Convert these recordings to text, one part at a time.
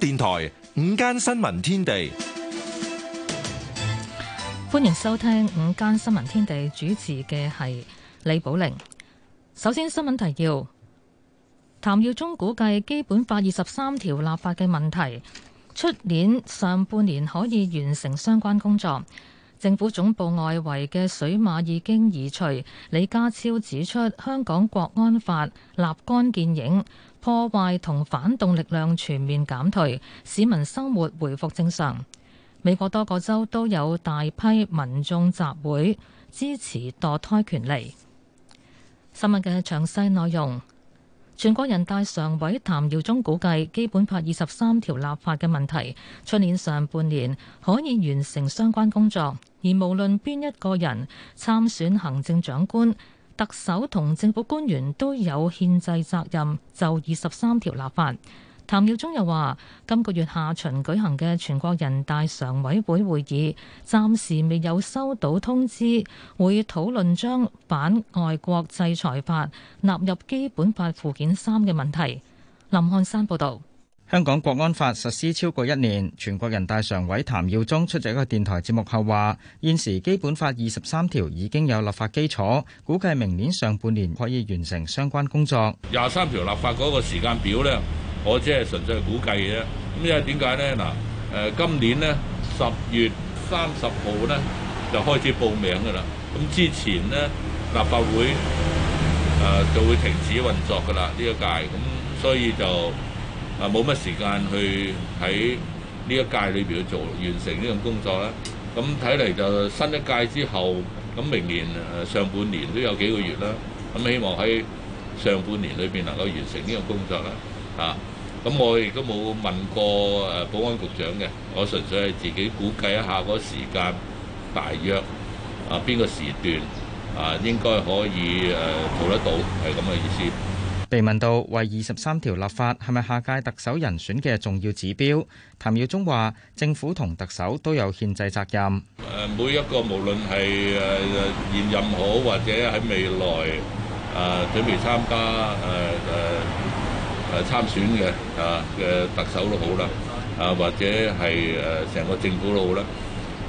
電台午間新聞天地，歡迎收聽午間新聞天地，主持嘅係李寶玲。首先，新聞提要：譚耀宗估計《基本法》二十三條立法嘅問題，出年上半年可以完成相關工作。政府總部外圍嘅水馬已經移除。李家超指出，香港國安法立竿見影，破壞同反動力量全面減退，市民生活回復正常。美國多個州都有大批民眾集會支持墮胎權利。新聞嘅詳細內容。全國人大常委譚耀宗估計，基本法二十三條立法嘅問題，出年上半年可以完成相關工作。而無論邊一個人參選行政長官、特首同政府官員，都有憲制責任就二十三條立法。譚耀宗又話：今個月下旬舉行嘅全國人大常委會會議，暫時未有收到通知，會討論將《反外國制裁法》納入基本法附件三嘅問題。林漢山報道。香港國安法實施超過一年，全國人大常委譚耀宗出席一個電台節目後話：現時基本法二十三條已經有立法基礎，估計明年上半年可以完成相關工作。廿三條立法嗰個時間表呢？我只係純粹估計啫，咁因為點解咧？嗱，誒今年咧十月三十號咧就開始報名㗎啦。咁之前咧立法會誒就會停止運作㗎啦，呢一屆咁，所以就啊冇乜時間去喺呢一屆裏邊去做完成呢樣工作啦。咁睇嚟就新一屆之後，咁明年上半年都有幾個月啦。咁希望喺上半年裏邊能夠完成呢樣工作啦。啊！咁我亦都冇問過誒保安局長嘅，我純粹係自己估計一下嗰時間，大約啊邊個時段啊應該可以誒做得到，係咁嘅意思。被問到為二十三條立法係咪下屆特首人選嘅重要指標，譚耀宗話：政府同特首都有憲制責任。誒每一個無論係誒現任好，或者喺未來誒準備參加誒誒。誒，參、啊、選嘅啊嘅特首都好啦，啊或者係誒成個政府都好啦，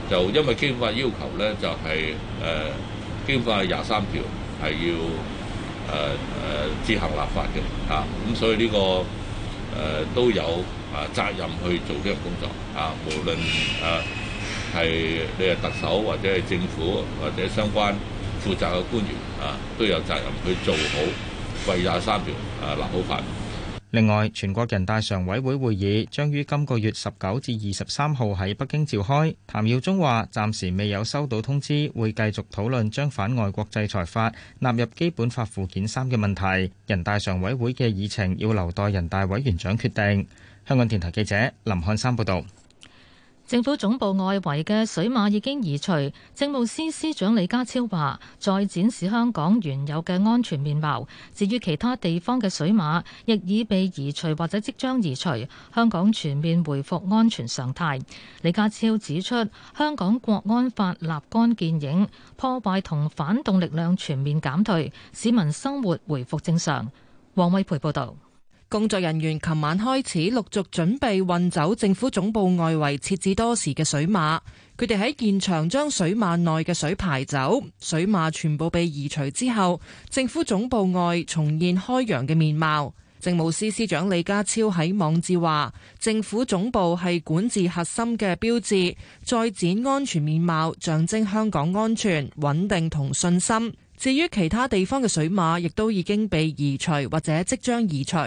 就因為基本法要求咧，就係誒基本法廿三條係要誒誒執行立法嘅啊，咁所以呢、這個誒、啊、都有啊責任去做呢樣工作啊，無論誒係你係特首或者係政府或者相關負責嘅官員啊，都有責任去做好為廿三條啊立好法。另外，全國人大常委會會議將於今個月十九至二十三號喺北京召開。譚耀宗話：暫時未有收到通知，會繼續討論將反外國制裁法納入基本法附件三嘅問題。人大常委會嘅議程要留待人大委員長決定。香港電台記者林漢山報導。政府總部外圍嘅水馬已經移除，政務司司長李家超話：再展示香港原有嘅安全面貌。至於其他地方嘅水馬，亦已被移除或者即將移除。香港全面回復安全常態。李家超指出，香港國安法立竿見影，破壞同反動力量全面減退，市民生活回復正常。黃偉培報導。工作人員琴晚開始陸續準備運走政府總部外圍設置多時嘅水馬，佢哋喺現場將水馬內嘅水排走，水馬全部被移除之後，政府總部外重現開揚嘅面貌。政務司司長李家超喺網誌話，政府總部係管治核心嘅標誌，再展安全面貌，象徵香港安全、穩定同信心。至於其他地方嘅水馬，亦都已經被移除或者即將移除。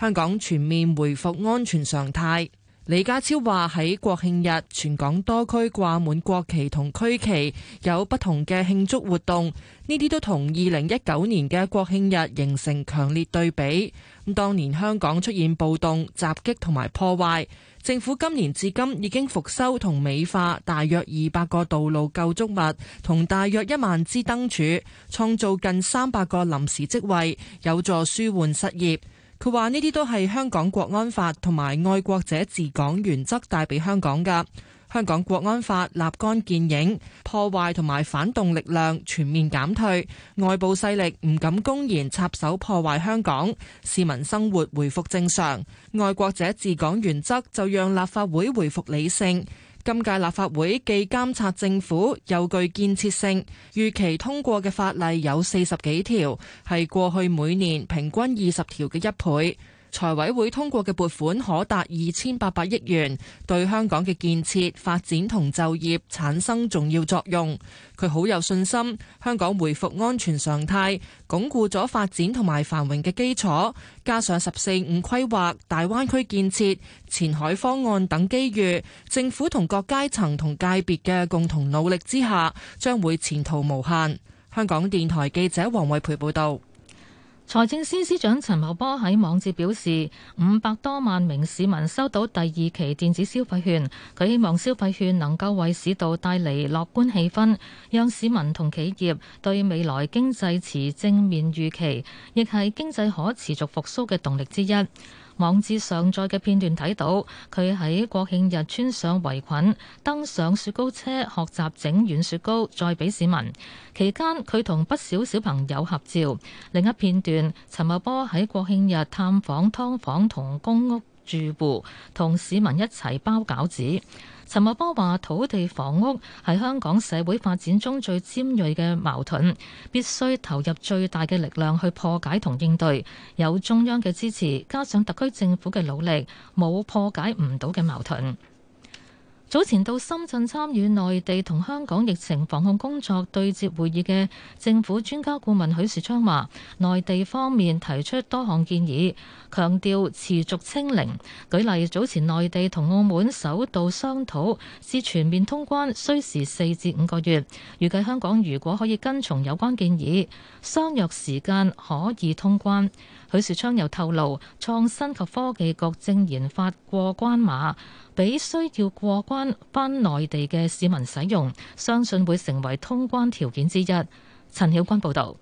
香港全面回復安全常態。李家超話：喺國慶日，全港多區掛滿國旗同區旗，有不同嘅慶祝活動。呢啲都同二零一九年嘅國慶日形成強烈對比。咁當年香港出現暴動、襲擊同埋破壞，政府今年至今已經復修同美化大約二百個道路構築物同大約一萬支燈柱，創造近三百個臨時職位，有助舒緩失業。佢話：呢啲都係香港國安法同埋愛國者治港原則帶畀香港㗎。香港國安法立竿見影，破壞同埋反動力量全面減退，外部勢力唔敢公然插手破壞香港，市民生活回復正常。愛國者治港原則就讓立法會回復理性。今屆立法會既監察政府，又具建設性。預期通過嘅法例有四十幾條，係過去每年平均二十條嘅一倍。財委會通過嘅撥款可達二千八百億元，對香港嘅建設發展同就業產生重要作用。佢好有信心，香港回復安全常態，鞏固咗發展同埋繁榮嘅基礎，加上十四五規劃、大灣區建設、前海方案等機遇，政府同各階層同界別嘅共同努力之下，將會前途無限。香港電台記者黃惠培報道。財政司司長陳茂波喺網誌表示，五百多萬名市民收到第二期電子消費券，佢希望消費券能夠為市道帶嚟樂觀氣氛，讓市民同企業對未來經濟持正面預期，亦係經濟可持續復甦嘅動力之一。網誌上載嘅片段睇到，佢喺國慶日穿上圍裙，登上雪糕車學習整軟雪糕，再俾市民。期間佢同不少小，小朋友合照。另一片段，陳茂波喺國慶日探訪劏房同公屋住戶，同市民一齊包餃子。陳茂波話：土地房屋係香港社會發展中最尖銳嘅矛盾，必須投入最大嘅力量去破解同應對。有中央嘅支持，加上特區政府嘅努力，冇破解唔到嘅矛盾。早前到深圳參與內地同香港疫情防控工作對接會議嘅政府專家顧問許樹昌話，內地方面提出多項建議，強調持續清零。舉例，早前內地同澳門首度商討至全面通關，需時四至五個月。預計香港如果可以跟從有關建議，相約時間可以通關。許樹昌又透露，創新及科技局正研發過關碼。俾需要過關返內地嘅市民使用，相信會成為通關條件之一。陳曉君報道。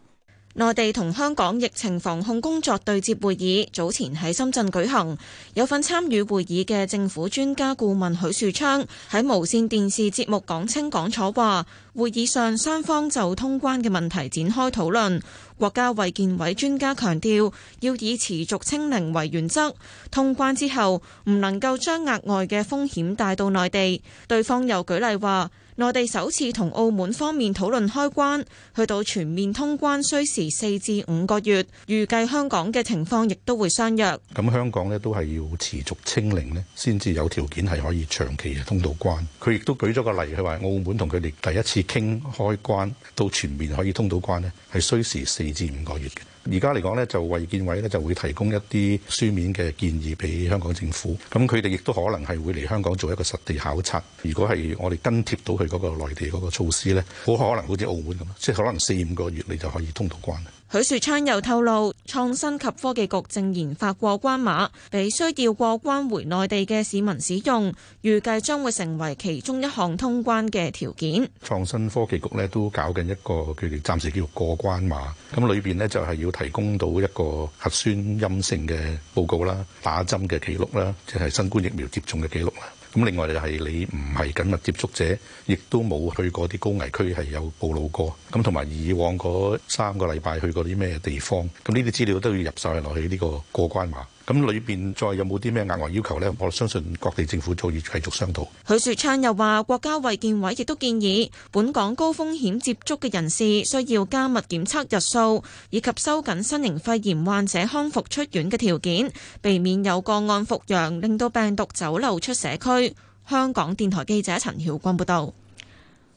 內地同香港疫情防控工作對接會議早前喺深圳舉行，有份參與會議嘅政府專家顧問許樹昌喺無線電視節目講清講楚話，會議上雙方就通關嘅問題展開討論。國家衛健委專家強調，要以持續清零為原則，通關之後唔能夠將額外嘅風險帶到內地。對方又舉例話：內地首次同澳門方面討論開關，去到全面通關需時四至五個月，預計香港嘅情況亦都會相若。咁香港呢都係要持續清零呢，先至有條件係可以長期嘅通到關。佢亦都舉咗個例，佢話澳門同佢哋第一次傾開關，到全面可以通到關呢，係需時四至五個月嘅。而家嚟講咧，就衞健委咧就會提供一啲書面嘅建議俾香港政府，咁佢哋亦都可能係會嚟香港做一個實地考察。如果係我哋跟貼到佢嗰個內地嗰個措施咧，好可能好似澳門咁，即係可能四五個月你就可以通到關。許樹昌又透露，創新及科技局正研發過關碼，俾需要過關回內地嘅市民使用，預計將會成為其中一項通關嘅條件。創新科技局咧都搞緊一個，佢哋暫時叫做過關碼，咁裏邊咧就係、是、要提供到一個核酸陰性嘅報告啦、打針嘅記錄啦，即、就、係、是、新冠疫苗接種嘅記錄啦。咁另外就係你唔係緊密接觸者，亦都冇去過啲高危區係有暴露過，咁同埋以往嗰三個禮拜去過啲咩地方，咁呢啲資料都要入手落去呢、這個過關碼。咁裏邊再有冇啲咩額外要求呢？我相信各地政府早已繼續商討。許樹昌又話：國家衛健委亦都建議，本港高風險接觸嘅人士需要加密檢測日數，以及收緊新型肺炎患者康復出院嘅條件，避免有個案復陽，令到病毒走漏出社區。香港電台記者陳曉君報道。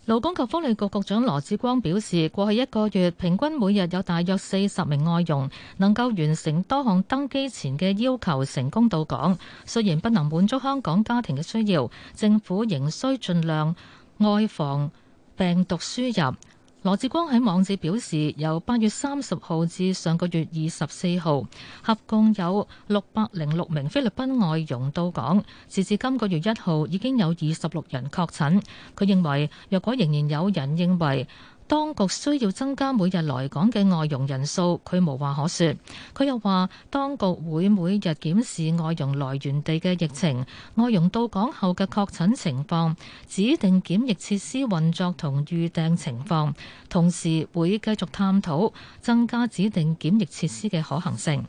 勞工及福利局局長羅致光表示，過去一個月平均每日有大約四十名外傭能夠完成多項登機前嘅要求，成功到港。雖然不能滿足香港家庭嘅需要，政府仍需盡量外防病毒輸入。羅志光喺網誌表示，由八月三十號至上個月二十四號，合共有六百零六名菲律賓外傭到港，截至今個月一號已經有二十六人確診。佢認為，若果仍然有人認為，當局需要增加每日來港嘅外傭人數，佢無話可說。佢又話，當局會每日檢視外傭來源地嘅疫情、外傭到港後嘅確診情況、指定檢疫設施運作同預訂情況，同時會繼續探討增加指定檢疫設施嘅可行性。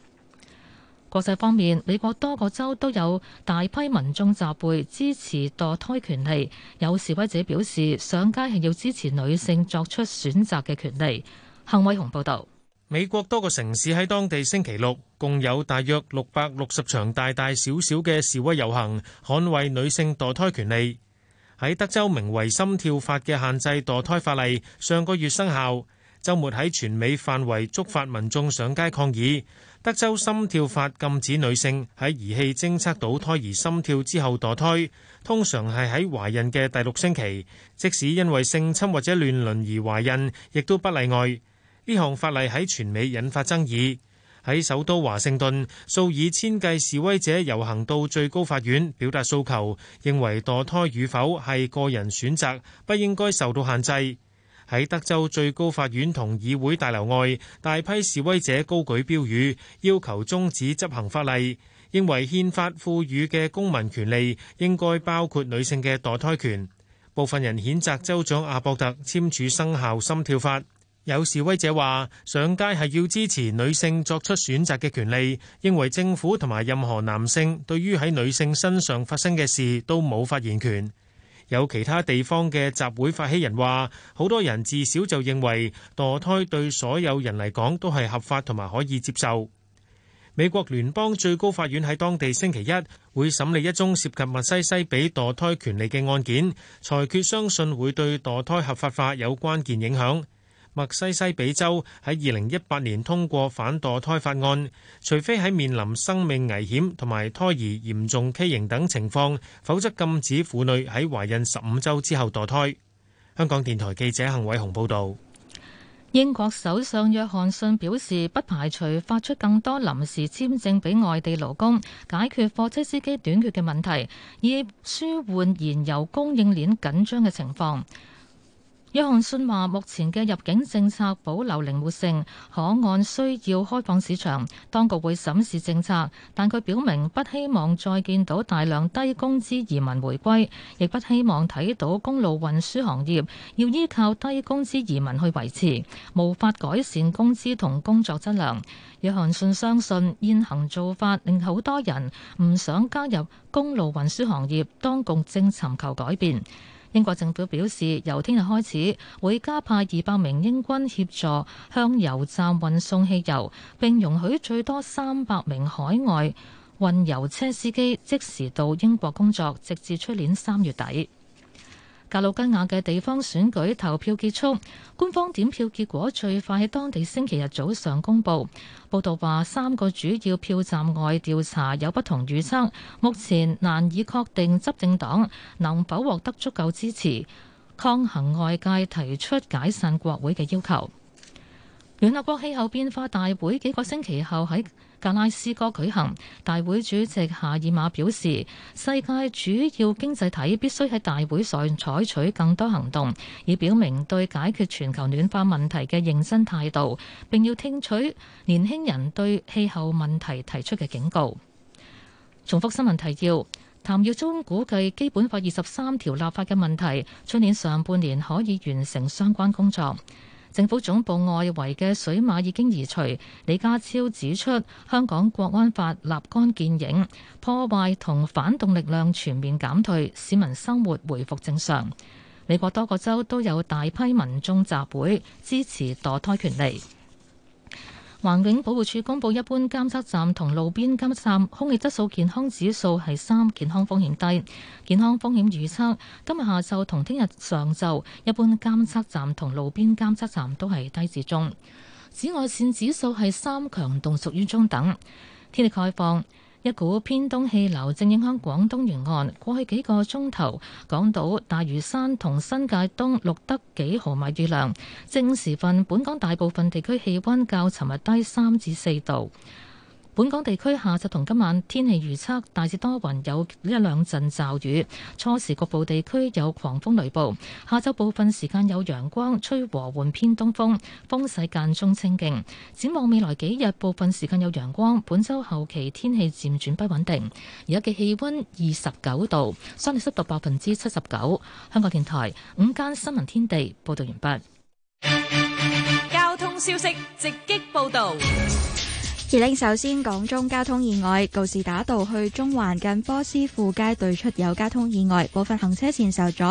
國際方面，美國多個州都有大批民眾集會支持墮胎權利，有示威者表示上街係要支持女性作出選擇嘅權利。幸偉雄報道，美國多個城市喺當地星期六共有大約六百六十場大大小小嘅示威遊行，捍衛女性墮胎權利。喺德州名為“心跳法”嘅限制墮胎法例上個月生效。周末喺全美範圍觸發民眾上街抗議，德州心跳法禁止女性喺儀器偵測到胎兒心跳之後墮胎，通常係喺懷孕嘅第六星期。即使因為性侵或者亂倫而懷孕，亦都不例外。呢項法例喺全美引發爭議，喺首都華盛頓，數以千計示威者遊行到最高法院，表達訴求，認為墮胎與否係個人選擇，不應該受到限制。喺德州最高法院同議會大樓外，大批示威者高舉標語，要求終止執行法例，認為憲法賦予嘅公民權利應該包括女性嘅墮胎權。部分人譴責州長阿伯特簽署生效心跳法。有示威者話：上街係要支持女性作出選擇嘅權利，認為政府同埋任何男性對於喺女性身上發生嘅事都冇發言權。有其他地方嘅集會發起人話，好多人自小就認為墮胎對所有人嚟講都係合法同埋可以接受。美國聯邦最高法院喺當地星期一會審理一宗涉及密西西比墮胎權利嘅案件，裁決相信會對墮胎合法化有關鍵影響。墨西西比州喺二零一八年通過反墮胎法案，除非喺面臨生命危險同埋胎兒嚴重畸形等情況，否則禁止婦女喺懷孕十五周之後墮胎。香港電台記者幸偉雄報道。英國首相約翰遜表示，不排除發出更多臨時簽證俾外地勞工，解決貨車司機短缺嘅問題，以舒緩燃油供應鏈緊張嘅情況。約翰遜話：目前嘅入境政策保留靈活性，可按需要開放市場。當局會審視政策，但佢表明不希望再見到大量低工資移民回歸，亦不希望睇到公路運輸行業要依靠低工資移民去維持，無法改善工資同工作質量。約翰遜相信現行做法令好多人唔想加入公路運輸行業，當局正尋求改變。英國政府表示，由聽日開始，會加派二百名英軍協助向油站運送汽油，並容許最多三百名海外運油車司機即時到英國工作，直至出年三月底。格魯吉亞嘅地方選舉投票結束，官方點票結果最快喺當地星期日早上公布。報道話三個主要票站外調查有不同預測，目前難以確定執政黨能否獲得足夠支持，抗衡外界提出解散國會嘅要求。聯合國氣候變化大會幾個星期後喺格拉斯哥舉行，大會主席夏爾馬表示，世界主要經濟體必須喺大會上採取更多行動，以表明對解決全球暖化問題嘅認真態度，並要聽取年輕人對氣候問題提出嘅警告。重複新聞提要：譚耀宗估計基本法二十三條立法嘅問題，今年上半年可以完成相關工作。政府總部外圍嘅水馬已經移除。李家超指出，香港國安法立竿見影，破壞同反動力量全面減退，市民生活回復正常。美國多個州都有大批民眾集會支持墮胎權利。環境保護署公布一般監測站同路邊監測站空氣質素健康指數係三，健康風險低。健康風險預測今日下晝同聽日上晝一般監測站同路邊監測站都係低至中。紫外綫指數係三，強度屬於中等。天氣概況。一股偏東氣流正影響廣東沿岸，過去幾個鐘頭，港島、大嶼山同新界東錄得幾毫米雨量。正午時分，本港大部分地區氣温較尋日低三至四度。本港地區下晝同今晚天氣預測大致多雲，有呢一兩陣驟雨，初時局部地區有狂風雷暴。下晝部分時間有陽光，吹和緩偏東風，風勢間中清勁，展望未來幾日，部分時間有陽光。本周後期天氣漸轉不穩定。而家嘅氣温二十九度，相對濕度百分之七十九。香港電台午間新聞天地，報道完畢，交通消息直擊報道。首先，港中交通意外，告士打道去中環近波斯富街對出有交通意外，部分行車線受阻，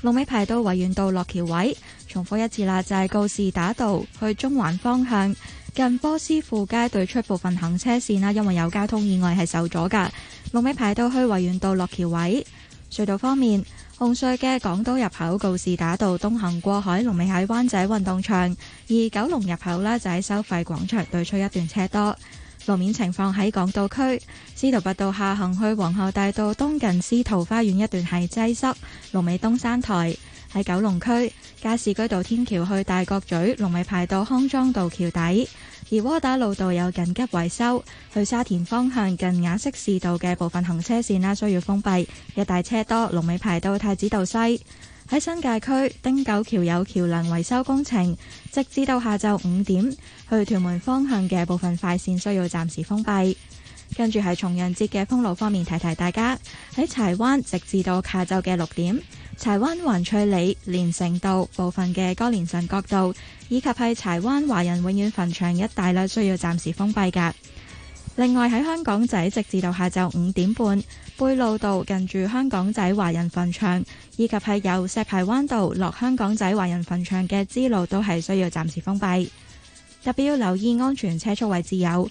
路尾排到維園道落橋位。重複一次啦，就係、是、告士打道去中環方向近波斯富街對出部分行車線啦，因為有交通意外係受阻噶，路尾排到去維園道落橋位。隧道方面。紅隧嘅港島入口告士打道東行過海，龍尾喺灣仔運動場；而九龍入口呢，就喺收費廣場對出一段車多。路面情況喺港島區，司徒拔道下行去皇后大道東近司徒花園一段係擠塞，龍尾東山台；喺九龍區，加士居道天橋去大角咀，龍尾排到康莊道橋底。而窩打路道有緊急維修，去沙田方向近雅息士道嘅部分行車線啦，需要封閉，一大車多龍尾排到太子道西。喺新界區汀九橋有橋樑維修工程，直至到下晝五點，去屯門方向嘅部分快線需要暫時封閉。跟住喺重陽節嘅封路方面，提提大家喺柴灣，直至到下晝嘅六點。柴灣環翠里、連城道部分嘅歌連臣角道，以及喺柴灣華人永遠墳場一帶，咧需要暫時封閉噶。另外喺香港仔直至到下晝五點半，貝璐道近住香港仔華人墳場，以及喺由石排灣道落香港仔華人墳場嘅支路，都係需要暫時封閉。特別要留意安全車速位置有。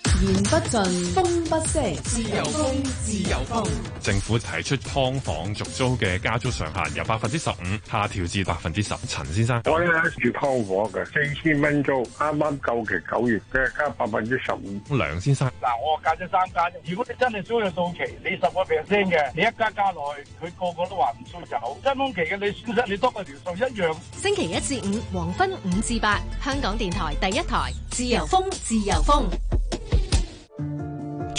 言不盡，風不息，自由風，自由風。自由風，政府提出劏房續租嘅加租上限由百分之十五下調至百分之十。陳先生，我咧住劏房嘅，四千蚊租，啱啱到期九月嘅，加百分之十五。梁先生，嗱，我隔咗三間，如果你真係租約到數期，你十個 percent 嘅，你一家加落去，佢個個都話唔衰就好。真空期嘅你損失，你多個條數一樣。星期一至五，黃昏五至八，香港電台第一台，自由風，自由風。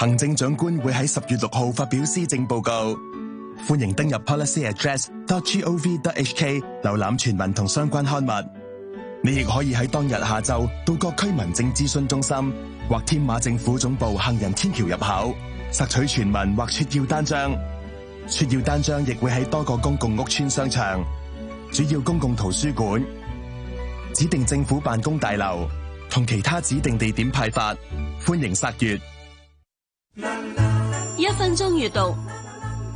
行政長官會喺十月六號發表施政報告，歡迎登入 policyaddress.gov.hk 瀏覽全文同相關刊物。你亦可以喺當日下晝到各區民政諮詢中心或天馬政府總部行人天橋入口，索取全文或撮要單張。撮要單張亦會喺多個公共屋邨、商場、主要公共圖書館、指定政府辦公大樓同其他指定地點派發，歡迎查閱。一分鐘閱讀，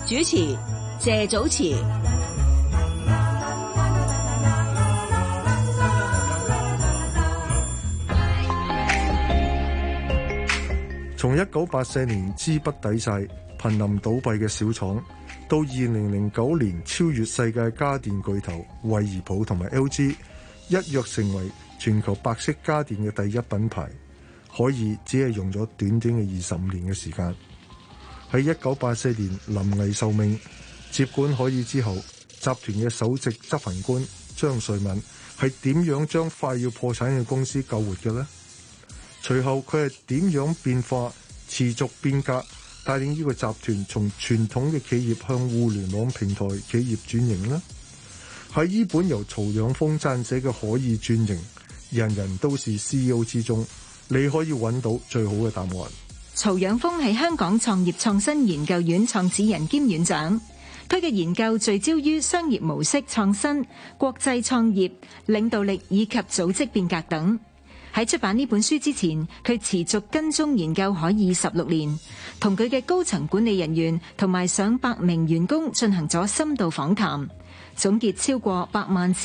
主持謝祖慈，從一九八四年資不抵債、瀕臨倒閉嘅小廠，到二零零九年超越世界家電巨頭惠而浦同埋 LG，一躍成為全球白色家電嘅第一品牌，可以只係用咗短短嘅二十五年嘅時間。喺一九八四年，臨危受命接管海爾之後，集團嘅首席執行官張瑞敏係點樣將快要破產嘅公司救活嘅咧？隨後佢係點樣變化、持續變革，帶領呢個集團從傳統嘅企業向互聯網平台企業轉型咧？喺依本由曹仰鋒撰寫嘅《海爾轉型：人人都是 C E O》之中，你可以揾到最好嘅答案。曹仰峰係香港創業創新研究院創始人兼院長，佢嘅研究聚焦於商業模式創新、國際創業、領導力以及組織變革等。喺出版呢本書之前，佢持續跟蹤研究海爾二十六年，同佢嘅高層管理人員同埋上百名員工進行咗深度訪談，總結超過百萬次。